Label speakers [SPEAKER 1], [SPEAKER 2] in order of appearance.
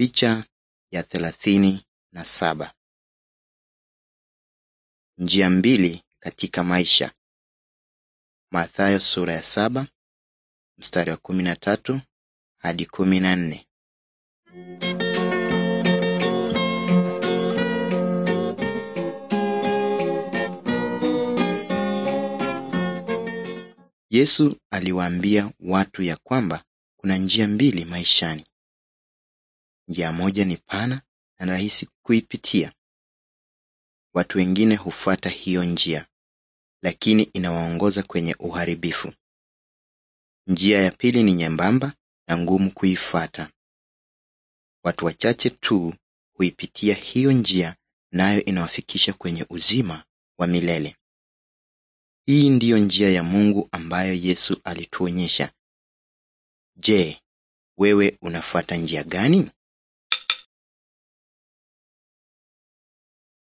[SPEAKER 1] Picha ya thelathini na saba
[SPEAKER 2] njia mbili katika maisha. Mathayo sura ya saba mstari wa kumi na tatu hadi kumi na nne. Yesu aliwaambia watu ya kwamba kuna njia mbili maishani. Njia moja ni pana na rahisi kuipitia. Watu wengine hufuata hiyo njia, lakini inawaongoza kwenye uharibifu. Njia ya pili ni nyembamba na ngumu kuifuata. Watu wachache tu huipitia hiyo njia, nayo inawafikisha kwenye uzima wa milele. Hii ndiyo njia ya Mungu ambayo Yesu alituonyesha. Je, wewe unafuata njia gani?